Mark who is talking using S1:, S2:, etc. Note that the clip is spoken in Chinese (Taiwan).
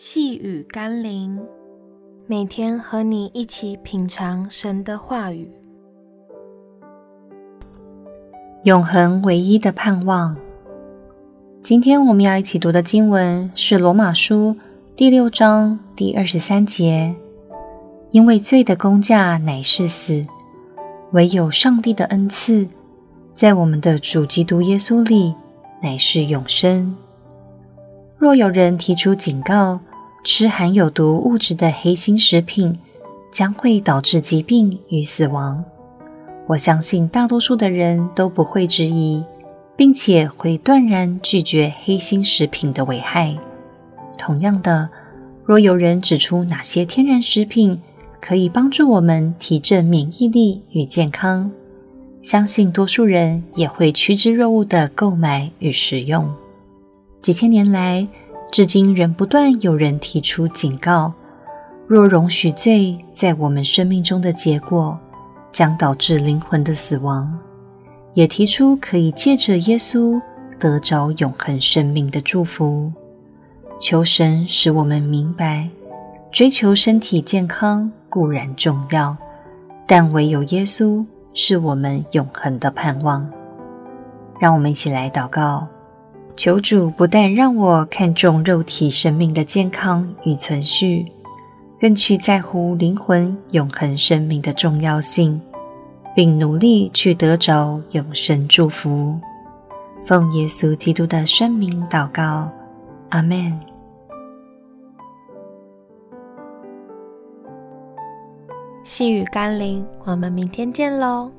S1: 細語甘霖，每天和你一起品嚐神的話語，
S2: 永恆唯一的盼望。今天我們要一起讀的經文是《羅馬書》第六章第二十三節：“因為罪的工價乃是死，唯有上帝的恩賜，在我們的主基督耶穌裡，乃是永生。若有人提出警告。”吃含有毒物質的黑心食品，將會導致疾病與死亡。我相信大多數的人都不會質疑，並且會斷然拒絕黑心食品的危害。同樣的，若有人指出哪些天然食品可以幫助我們提振免疫力與健康，相信多數人也會趨之若鶩的購買與食用。幾千年來，至今仍不斷有人提出警告，若容許罪在我們生命中的結果，將導致靈魂的死亡。也提出可以借着耶穌得着永恆生命的祝福。求神使我們明白，追求身體健康固然重要，但唯有耶穌是我們永恆的盼望。讓我們一起來禱告。求主不但讓我看重肉體生命的健康與存續，更去在乎靈魂永恆生命的重要性，並努力去得着永生祝福。奉耶穌基督的聖名禱告，阿們。
S3: 細語甘霖，我們明天見嘍！